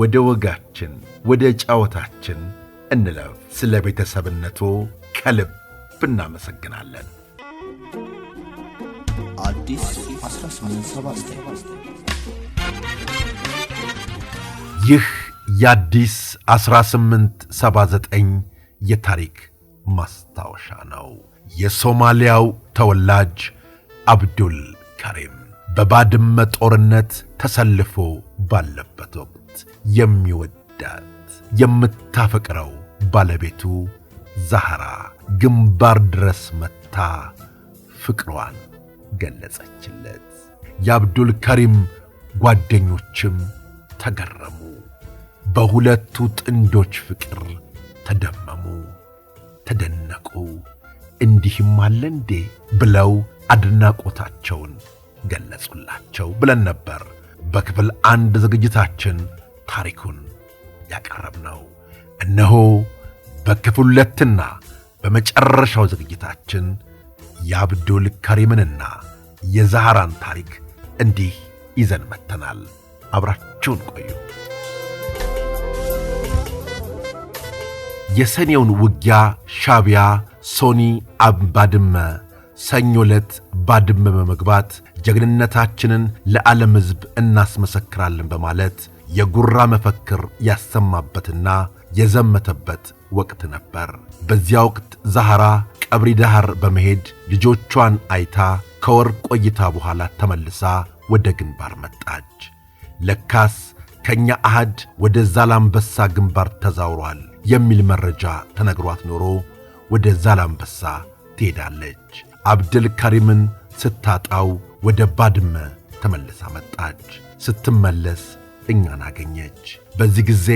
ወደ ወጋችን ወደ ጫወታችን እንለፍ። ስለ ቤተሰብነቱ ከልብ እናመሰግናለን። ይህ የአዲስ 1879 የታሪክ ማስታወሻ ነው። የሶማሊያው ተወላጅ አብዱል ከሪም በባድመ ጦርነት ተሰልፎ ባለበት ወቅት የሚወዳት የምታፈቅረው ባለቤቱ ዛህራ ግንባር ድረስ መታ ፍቅሯን ገለጸችለት። የአብዱል ከሪም ጓደኞችም ተገረሙ። በሁለቱ ጥንዶች ፍቅር ተደመሙ፣ ተደነቁ። እንዲህም አለ እንዴ ብለው አድናቆታቸውን ገለጹላቸው ብለን ነበር በክፍል አንድ ዝግጅታችን ታሪኩን ያቀረብነው። እነሆ በክፍል ሁለትና በመጨረሻው ዝግጅታችን የአብዱል ከሪምንና የዛሃራን ታሪክ እንዲህ ይዘን መጥተናል። አብራችሁን ቆዩ። የሰኔውን ውጊያ ሻቢያ ሶኒ አባድመ ሰኞ ዕለት ባድመ በመግባት ጀግንነታችንን ለዓለም ሕዝብ እናስመሰክራለን በማለት የጉራ መፈክር ያሰማበትና የዘመተበት ወቅት ነበር። በዚያ ወቅት ዛሐራ ቀብሪ ዳህር በመሄድ ልጆቿን አይታ ከወር ቆይታ በኋላ ተመልሳ ወደ ግንባር መጣች። ለካስ ከእኛ አህድ ወደ ዛላምበሳ ግንባር ተዛውሯል የሚል መረጃ ተነግሯት ኖሮ ወደ ዛላምበሳ ትሄዳለች። አብደል ከሪምን ስታጣው ወደ ባድመ ተመልሳ መጣች። ስትመለስ እኛን አገኘች። በዚህ ጊዜ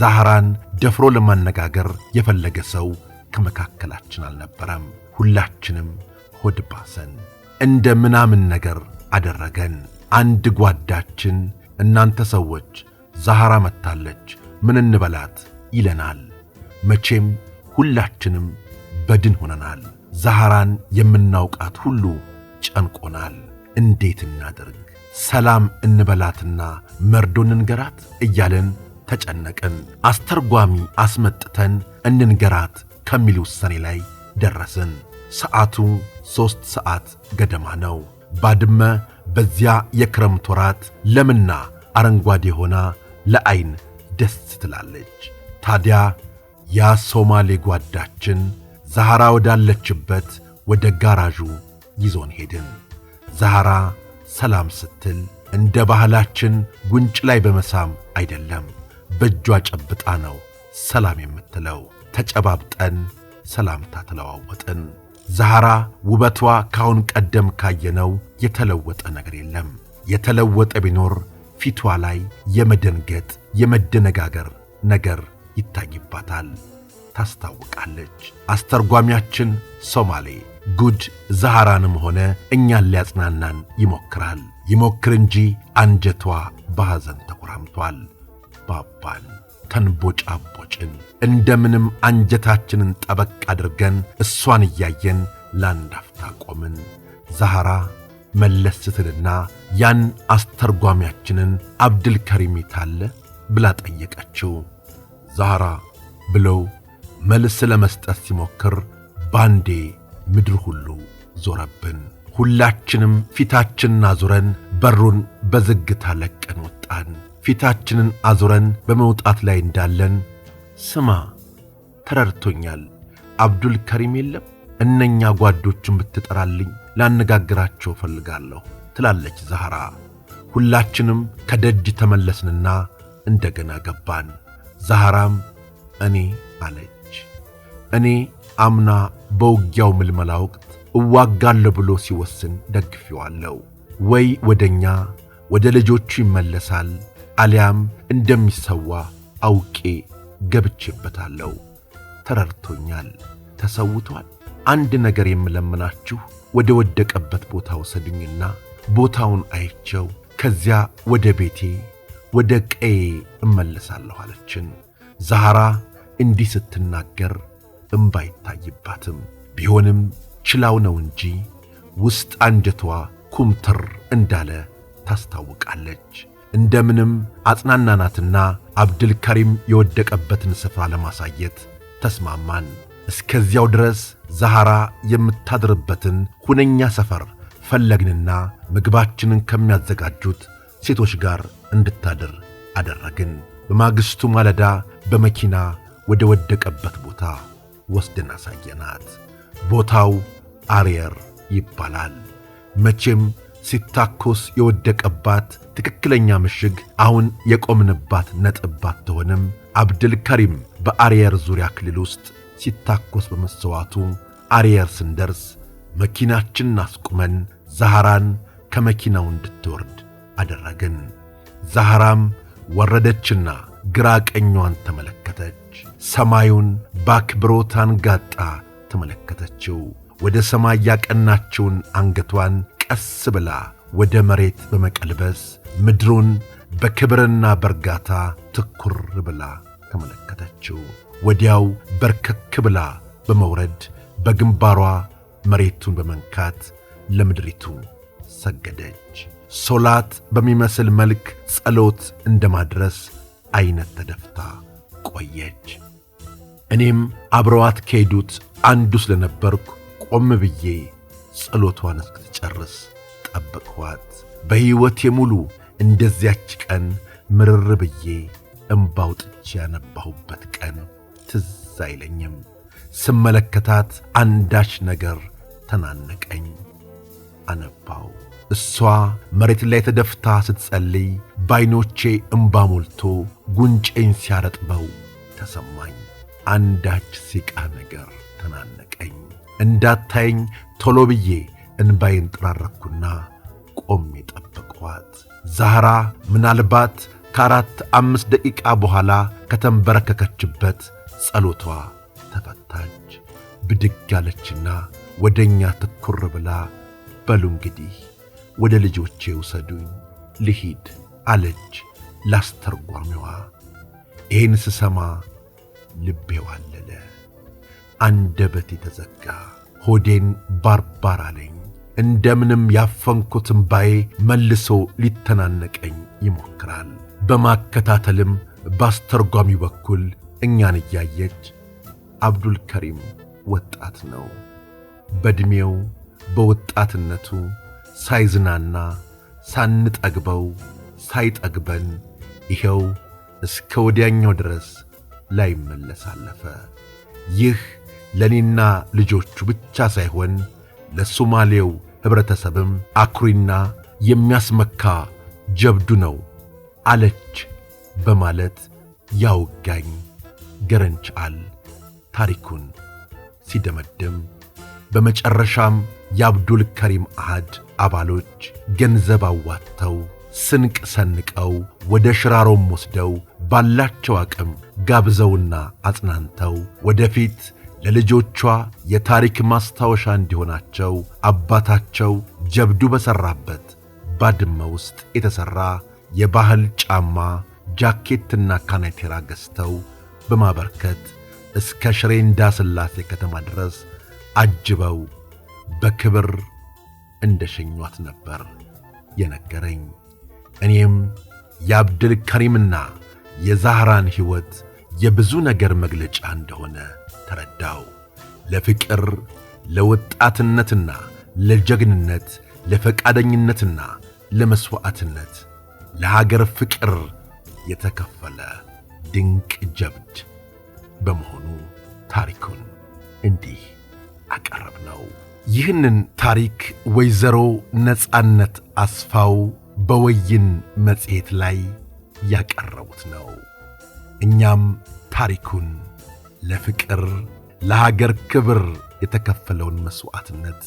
ዛህራን ደፍሮ ለማነጋገር የፈለገ ሰው ከመካከላችን አልነበረም። ሁላችንም ሆድ ባሰን፣ እንደ ምናምን ነገር አደረገን። አንድ ጓዳችን እናንተ ሰዎች ዛህራ መጥታለች፣ ምን እንበላት ይለናል። መቼም ሁላችንም በድን ሆነናል። ዛህራን የምናውቃት ሁሉ ጨንቆናል። እንዴት እናደርግ ሰላም እንበላትና መርዶ እንንገራት እያለን ተጨነቅን። አስተርጓሚ አስመጥተን እንንገራት ከሚል ውሳኔ ላይ ደረስን። ሰዓቱ ሦስት ሰዓት ገደማ ነው። ባድመ በዚያ የክረምት ወራት ለምና አረንጓዴ ሆና ለዐይን ደስ ትላለች። ታዲያ ያ ሶማሌ ጓዳችን ዛሐራ ወዳለችበት ወደ ጋራዡ ይዞን ሄድን። ዛሐራ ሰላም ስትል እንደ ባህላችን ጉንጭ ላይ በመሳም አይደለም፣ በእጇ ጨብጣ ነው ሰላም የምትለው። ተጨባብጠን ሰላምታ ተለዋወጥን። ዛሃራ ውበቷ ከአሁን ቀደም ካየነው የተለወጠ ነገር የለም። የተለወጠ ቢኖር ፊቷ ላይ የመደንገጥ የመደነጋገር ነገር ይታይባታል። ታስታውቃለች። አስተርጓሚያችን ሶማሌ ጉድ ዛሃራንም ሆነ እኛን ሊያጽናናን ይሞክራል። ይሞክር እንጂ አንጀቷ በሐዘን ተኮራምቷል። ባባን ተንቦጫቦጭን፣ እንደምንም አንጀታችንን ጠበቅ አድርገን እሷን እያየን ለአንድ አፍታ ቆምን። ዛሃራ መለስ ስትልና ያን አስተርጓሚያችንን አብድል ከሪም የታለ ብላ ጠየቀችው። ዛሃራ ብለው መልስ ለመስጠት ሲሞክር ባንዴ ምድር ሁሉ ዞረብን። ሁላችንም ፊታችንን አዙረን በሩን በዝግታ ለቀን ወጣን። ፊታችንን አዙረን በመውጣት ላይ እንዳለን ስማ፣ ተረድቶኛል አብዱል ከሪም የለም እነኛ ጓዶቹን ብትጠራልኝ ላነጋግራቸው እፈልጋለሁ ትላለች ዛህራ። ሁላችንም ከደጅ ተመለስንና እንደገና ገባን። ዛህራም እኔ አለች። እኔ አምና በውጊያው ምልመላ ወቅት እዋጋለሁ ብሎ ሲወስን ደግፌዋለሁ። ወይ ወደ እኛ ወደ ልጆቹ ይመለሳል፣ አሊያም እንደሚሰዋ አውቄ ገብቼበታለሁ። ተረድቶኛል፣ ተሰውቷል። አንድ ነገር የምለምናችሁ ወደ ወደቀበት ቦታ ወሰዱኝና ቦታውን አይቸው ከዚያ ወደ ቤቴ ወደ ቀዬ እመለሳለሁ አለችን። ዛህራ እንዲህ ስትናገር እምባ አይታይባትም። ቢሆንም ችላው ነው እንጂ ውስጥ አንጀቷ ኩምትር እንዳለ ታስታውቃለች። እንደምንም አጽናናናትና አብድልከሪም የወደቀበትን ስፍራ ለማሳየት ተስማማን። እስከዚያው ድረስ ዛሃራ የምታድርበትን ሁነኛ ሰፈር ፈለግንና ምግባችንን ከሚያዘጋጁት ሴቶች ጋር እንድታድር አደረግን። በማግስቱ ማለዳ በመኪና ወደ ወደቀበት ቦታ ወስደን አሳየናት። ቦታው አሪየር ይባላል። መቼም ሲታኮስ የወደቀባት ትክክለኛ ምሽግ አሁን የቆምንባት ነጥብ ባትሆንም አብድልከሪም በአሪየር ዙሪያ ክልል ውስጥ ሲታኮስ በመሰዋቱ አሪየር ስንደርስ መኪናችንን አስቁመን ዛሃራን ከመኪናው እንድትወርድ አደረግን። ዛሃራም ወረደችና ግራ ቀኟን ተመለከተች። ሰማዩን በአክብሮት አንጋጣ ተመለከተችው። ወደ ሰማይ ያቀናችውን አንገቷን ቀስ ብላ ወደ መሬት በመቀልበስ ምድሩን በክብርና በእርጋታ ትኩር ብላ ተመለከተችው። ወዲያው በርከክ ብላ በመውረድ በግንባሯ መሬቱን በመንካት ለምድሪቱ ሰገደች። ሶላት በሚመስል መልክ ጸሎት እንደማድረስ አይነት ተደፍታ ተለየች። እኔም አብረዋት ከሄዱት አንዱ ስለነበርኩ ቆም ብዬ ጸሎቷን እስክትጨርስ ጠብቅኋት በሕይወቴ ሙሉ እንደዚያች ቀን ምርር ብዬ እምባውጥቼ ያነባሁበት ቀን ትዝ አይለኝም። ስመለከታት አንዳች ነገር ተናነቀኝ። አነባው። እሷ መሬት ላይ ተደፍታ ስትጸልይ በዐይኖቼ እምባ ሞልቶ ጒንጬን ሲያረጥበው ተሰማኝ። አንዳች ሲቃ ነገር ተናነቀኝ። እንዳታየኝ ቶሎ ብዬ እንባይን ጠራረኩና ቆም የጠበቅኋት ዛህራ ምናልባት ከአራት አምስት ደቂቃ በኋላ ከተንበረከከችበት ጸሎቷ ተፈታች። ብድግ ያለችና ወደ እኛ ትኩር ብላ በሉ እንግዲህ ወደ ልጆቼ ውሰዱኝ ልሂድ አለች ላስተርጓሚዋ። ይህን ስሰማ ልቤ ዋለለ፣ አንደበት ተዘጋ፣ ሆዴን ባርባር አለኝ። እንደምንም ያፈንኩት እምባዬ መልሶ ሊተናነቀኝ ይሞክራል። በማከታተልም በአስተርጓሚው በኩል እኛን እያየች አብዱል ከሪም ወጣት ነው። በዕድሜው በወጣትነቱ ሳይዝናና ሳንጠግበው ሳይጠግበን ይኸው እስከ ወዲያኛው ድረስ ላይመለስ አለፈ። ይህ ለእኔና ልጆቹ ብቻ ሳይሆን ለሶማሌው ኅብረተሰብም አኩሪና የሚያስመካ ጀብዱ ነው አለች በማለት ያውጋኝ ገረንጫል ታሪኩን ሲደመድም በመጨረሻም የአብዱል ከሪም አህድ አባሎች ገንዘብ አዋጥተው ስንቅ ሰንቀው ወደ ሽራሮም ወስደው ባላቸው አቅም ጋብዘውና አጽናንተው ወደፊት ለልጆቿ የታሪክ ማስታወሻ እንዲሆናቸው አባታቸው ጀብዱ በሠራበት ባድመ ውስጥ የተሠራ የባህል ጫማ ጃኬትና ካናቴራ ገዝተው በማበርከት እስከ ሽሬ እንዳስላሴ ከተማ ድረስ አጅበው በክብር እንደ ሸኟት ነበር የነገረኝ። እኔም የአብድል ከሪምና የዛህራን ሕይወት የብዙ ነገር መግለጫ እንደሆነ ተረዳው። ለፍቅር ለወጣትነትና ለጀግንነት ለፈቃደኝነትና ለመሥዋዕትነት ለሀገር ፍቅር የተከፈለ ድንቅ ጀብድ በመሆኑ ታሪኩን እንዲህ አቀረብ ነው። ይህንን ታሪክ ወይዘሮ ነፃነት አስፋው በወይን መጽሔት ላይ ያቀረቡት ነው። እኛም ታሪኩን ለፍቅር ለሀገር ክብር የተከፈለውን መሥዋዕትነት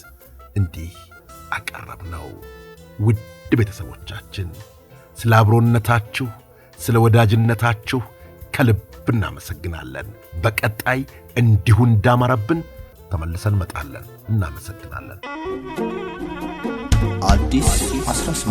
እንዲህ አቀረብ ነው። ውድ ቤተሰቦቻችን ስለ አብሮነታችሁ፣ ስለ ወዳጅነታችሁ ከልብ እናመሰግናለን። በቀጣይ እንዲሁ እንዳማረብን ተመልሰን መጣለን። እናመሰግናለን። አዲስ 1879